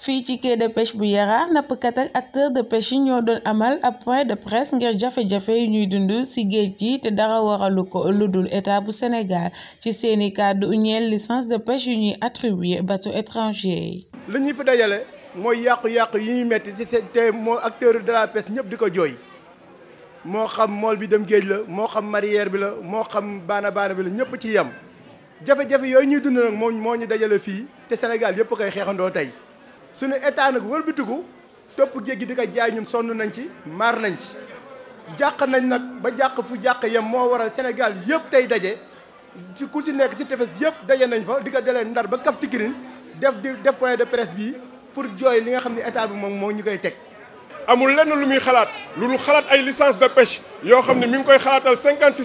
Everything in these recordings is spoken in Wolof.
fii ci quai de pêche bu yara nappkat ak acteur de pêche yi ñoo doon amal ab point de presse ngir jafe-jafe yu ñuy dund si géej gi te dara waralu ko lu dul état bu Sénégal ci seeni kàddu ñeel licence de pêche yu ñuy attribué bateau étranger yi. li ñu fi dajale mooy yàqu-yàqu yi ñuy metti si te moo acteur de la pêche ñëpp di ko jooy moo xam mool bi dem géej la moo xam marière bi la moo xam baana baana bi la ñëpp ci yam jafe-jafe yooyu ñuy dund nag moo moo ñu dajale fii te Sénégal yëpp koy xeexandoo tey suñu état nag de topp géej il jaay ñun nañ ci nañ ci nañ ba fu Sénégal ci ku ci ci nañ fa de presse bi pour li nga état bi amul lu muy lu lu licence de pêche yo xamni mi koy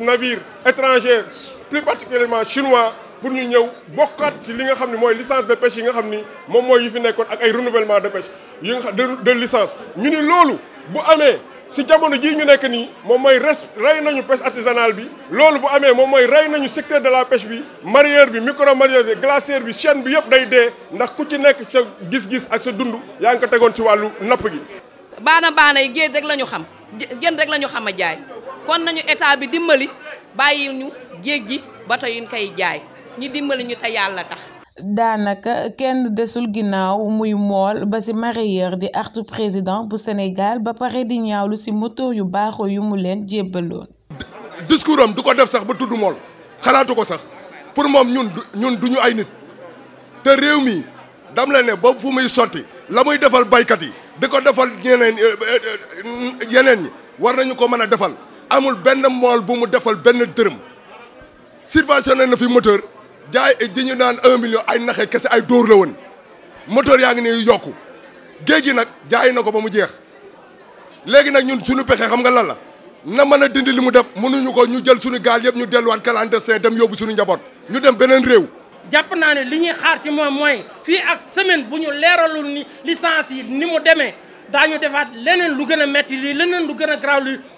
navires étrangers plus particulièrement chinois pour ñu ñëw bokkaat si li nga xam ne mooy licence de pêche yi nga xam ni moom mooy yi fi nekkoon ak ay renouvellement de pêche yi nga de licence ñu ni loolu bu amee si jamono jii ñu nekk nii moom mooy res rey nañu pêche artisanale bi loolu bu amee moom mooy rey nañu secteur de la pêche bi mareyeur bi micro mareyeur bi glacière bi chaîne bi yëpp day dee ndax ku ci nekk sa gis-gis ak sa dund yaa ngi ko tegoon ci wàllu napp gi baana baana yi géej rek la ñu xam jën la ñu xam a jaay kon nañu état bi dimbali bàyyi ñu géej gi bato yi ñu koy jaay ñu dimbali ñu te yàlla tax. daanaka kenn desul ginnaaw muy mool ba ci mareyeur di artu président bu Sénégal ba pare di ñaawlu ci moto yu baaxoo yu mu leen jébbaloon. discours du ko def sax ba tudd mool xalaatu ko sax pour moom ñun ñun duñu ay nit te réew mi dam la ne ba fu muy sotti la muy defal baykat yi di ko defal ñeneen euh, euh, yeneen yi war nañu ko mën a defal amul benn mool bu mu defal benn dërëm subventionné na fi moteur. jaay ji ñu naan un ay naxe kese ay dóor la woon moteur yaa ngi ne yokku géej gi nag jaay na ko ba mu jeex léegi nag ñun sunu pexe xam nga lan la na mën a dindi li mu def mënuñu ko ñu jël suñu gaal yëpp ñu delluwaat clandestin dem yóbbu sunu njaboot ñu dem beneen réew jàpp naa ne li ñuy xaar ci moom mooy fii ak semaine bu ñu leeralul ni licence yi ni mu demee daañu defaat leneen lu gën a metti lii leneen lu gën a garaaw